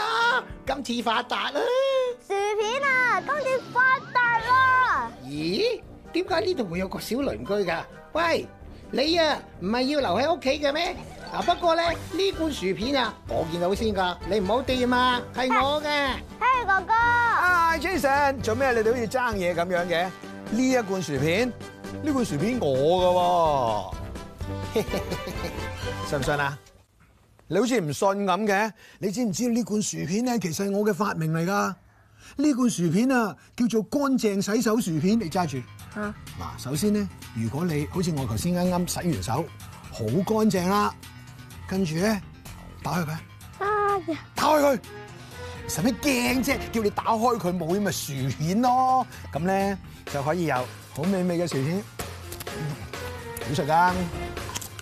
啊！今次發達啦！薯片啊！今次發達啦！咦？點解呢度會有個小鄰居噶？喂，你啊唔係要留喺屋企嘅咩？啊不過咧，呢罐薯片啊，我見到先噶，你唔好掂啊，係我嘅。Harry 哥哥。Hi Jason，做咩你哋好似爭嘢咁樣嘅？呢一罐薯片，呢罐薯片我噶，信唔信啊？你好似唔信咁嘅？你知唔知呢罐薯片咧，其實係我嘅發明嚟噶？呢罐薯片啊，叫做乾淨洗手薯片，你揸住。嗱，首先咧，如果你好似我頭先啱啱洗完手，好乾淨啦，跟住咧，打開佢。啊，打開佢，使咩驚啫？叫你打開佢，冇咁咪薯片咯。咁咧就可以有好美味嘅薯片。好食噶，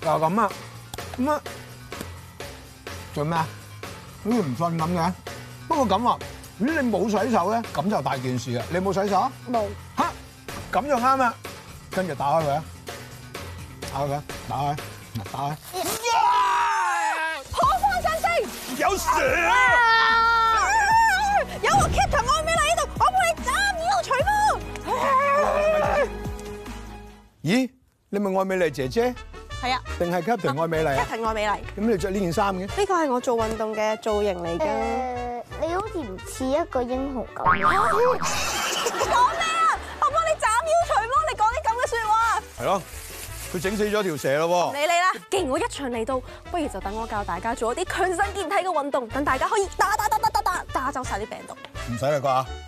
就咁啊，咁啊！做咩？好似唔瞓咁嘅。不過咁話，咦你冇洗手咧？咁就大件事啦。你冇洗手？冇。嚇？咁就啱啦。跟住打開佢啊！打開佢，打開，打開。哇！可憐真啲，有蛇！有個 Kitty 同愛美麗喺度，我幫你斬妖除魔。咦？你咪愛美麗姐姐？係啊，定係 Captain 愛美麗啊，Captain 愛美麗，咁、啊、你着呢件衫嘅？呢個係我做運動嘅造型嚟嘅，呃。你好似唔似一個英雄咁？啊。講咩啊？我幫你斬妖除魔，你講啲咁嘅説話。係咯，佢整死咗條蛇咯。你嚟啦，既然我一場嚟到，不如就等我教大家做一啲強身健體嘅運動，等大家可以打打打打打打打走晒啲病毒。唔使啦啩。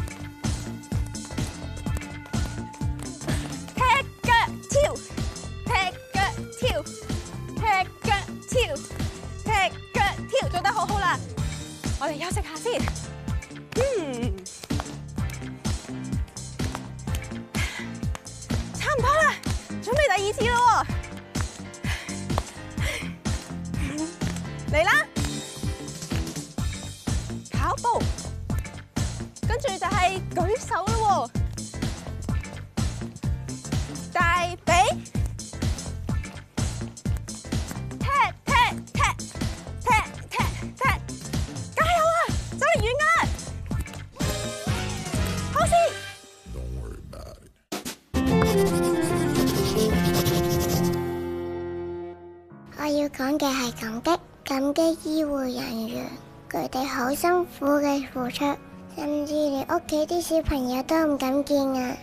休息下先，嗯，差唔多啦，準備第二次咯，嚟啦，跑步，跟住就係舉手。要講嘅係感激，感激醫護人員，佢哋好辛苦嘅付出，甚至連屋企啲小朋友都唔敢見啊！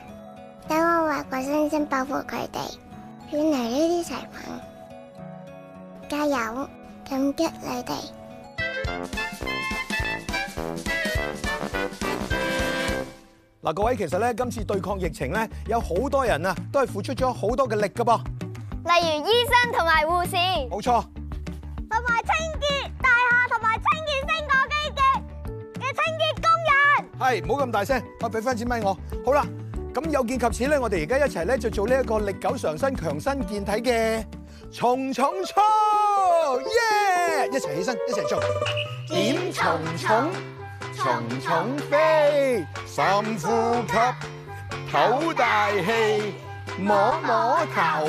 等我畫個星星報復佢哋，獻嚟呢啲小朋友，加油！感激你哋。嗱，各位，其實咧，今次對抗疫情咧，有好多人啊，都係付出咗好多嘅力噶噃。例如醫生同埋護士，冇錯，同埋清潔大廈同埋清潔升降機嘅嘅清潔工人是，係唔好咁大聲，快我俾翻支咪我。好啦，咁有見及此咧，我哋而家一齊咧就做呢一個歷久常新、強身健體嘅蟲蟲操，耶、yeah!！一齊起身，一齊做，點蟲蟲蟲蟲飛，深呼吸，唞大氣，摸摸頭。